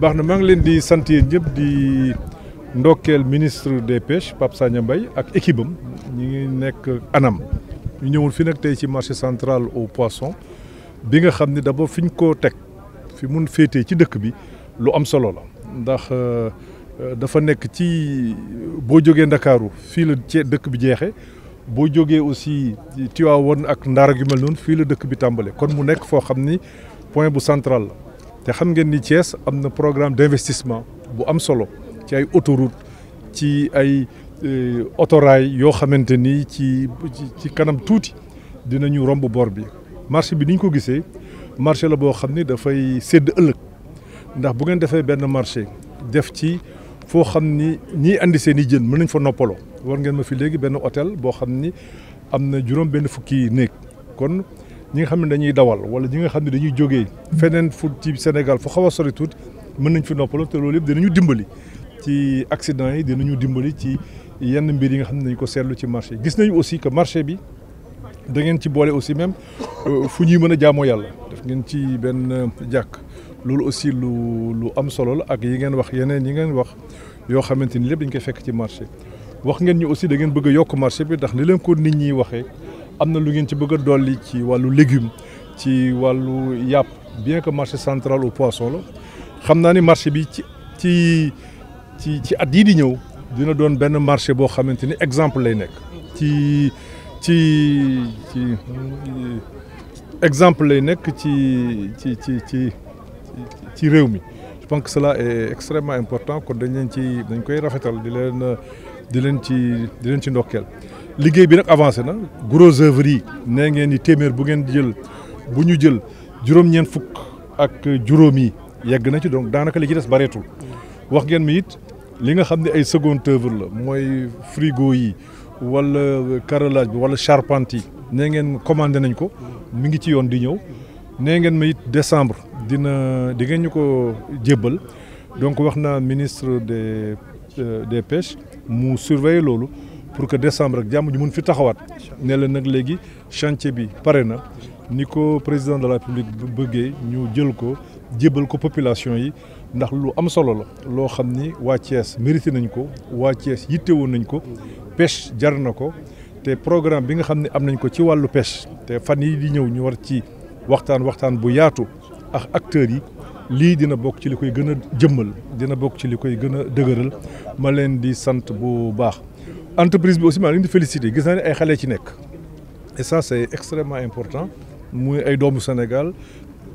baax na maa leen di sant di ndokkeel ministre des pêches Pape Sagna Mbaye ak équipe am ñi ngi nekk anam ñu ñëwul fi nag tey ci marché central au poisson bi nga xam ne d'abord fi ñu ko teg fi mun fété ci dëkk bi lu am solo la ndax euh, dafa nekk ci bo joggé ndakaaru fi la ci dëkk bi jéxé bo joggé aussi Tivaouane ak ndar yu mel noonu fii la dëkk bi tambalé kon mu nekk fo xamni point bu central la te xam ngeen ni Thiès am na programme d'investissement bu am solo ci ay autoroute ci ay euh, autorail yoo xamante ni ci ci kanam tuuti dinañu romb bor bi marché bi ni ñu ko gisee marché la boo xam ne dafay sédd ëllëg ndax bu ngeen defee benn marché def ci foo xam ni ñiy indi seen i jën mën nañ fa noppaloo war ngeen ma fi léegi benn hôtel boo xam ni am na juróom benn fukki néeg kon ñi nga xam ne dañuy dawal wala ñi nga xam ne dañuy jógee feneen fu ci Sénégal fu xaw a sori tuut mën nañ fi noppaloo te loolu yëpp dinañu dimbali ci accident yi dinañu dimbali ci yenn mbir yi nga xam ne dañ ko seetlu ci marché gis nañu aussi que marché bi da ngeen ci boole aussi même euh, fu ñuy mën a jaamoo yàlla daf ngeen ci benn euh, jàkk loolu aussi lu lu am solo la ak yi ngeen wax yeneen yi ngeen wax yoo xamante ni lépp dañ koy fekk ci marché wax ngeen ñu aussi da ngeen bëgg yokk marché bi ndax li leen ko nit ñi waxee amna lu ngeen ci bëgg a dolli ci walu légumes ci walu yàpp bien que marché central au poisson la xamna ni marché bi ci ci ci ci at yii di ñëw dina doon benn marché boo xamante ni exemple lay nekk ci ci ci exemple lay nekk ci ci ci ci ci réew mi je pense que cela est extrêmement important kon dañ leen ci dañ koy rafetal di leen di leen ci di leen ci ndokkeel nous bi nak avancé na gros œuvre yi ngeen ni jël jël ak donc des choses. wax ngeen mi it li nga seconde œuvre la frigo wala carrelage wala charpente né commandé nañ ko mi ngi ci di décembre dina di donc ministre des euh, des pêches mu surveiller pour que décembre ak jàmm ñu mun fi taxawaat ne nag léegi chantier bi pare na ni ko président de la République bëggee ñu jël ko jébbal ko population yi ndax lu am solo la loo xam ni waa Thiès mérité nañ ko waa Thiès yittewoon nañ ko pêche jar na ko te programme bi nga xam ne am nañ ko ci wàllu pêche te fan yi di ñëw ñu war ci waxtaan waxtaan bu yaatu ak acteurs yi lii dina bokk ci li koy gën a jëmmal dina bokk ci li koy gën a dëgëral ma leen di sant bu baax entreprise bi aussi maa ngi leen di félicité gis naa ne ay xalé ci nek et ça c'est extrêmement important muy ay doomu Sénégal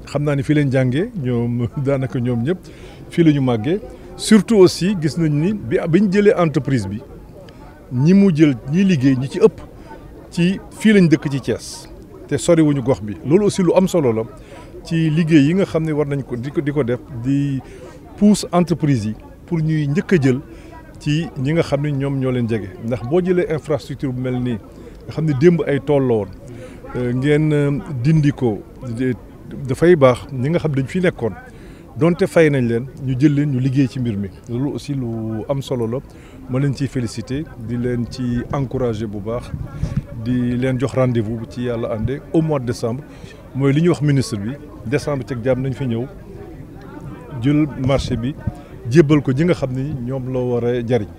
xam naa ne fii leen jàngee ñoom daanaka ñoom ñëpp fii la ñu màggee surtout aussi gis nañ ni bi bi jëlee entreprise bi ñi mu jël ñi liggéey ñi ci ëpp ci fii lañ dëkk ci Thiès te soriwuñu gox bi loolu aussi lu am solo la ci liggéey yi nga xam ne war nañ ko di ko di ko def di pousse entreprise yi pour ñuy njëkk a jël. ci ñi nga xam ne ñoom ñoo leen jege ndax boo jëlee infrastructure bu mel nii nga xam ne démb ay tool la woon euh, ngeen euh, dindi ko dafay baax ñi nga xam dañu fi nekkoon donte fay nañ leen ñu jël leen ñu liggéey ci mbir mi loolu aussi lu am solo la ma leen ciy félicité di leen ci encouragé bu baax di leen jox rendez-vous bu ci yàlla ànde au mois de décembre mooy li ñuy wax ministre bi décembre teg jàmm nañ fi ñëw jël marché bi jébbal ko ñi nga xam ni ñoom loo war a jariñ.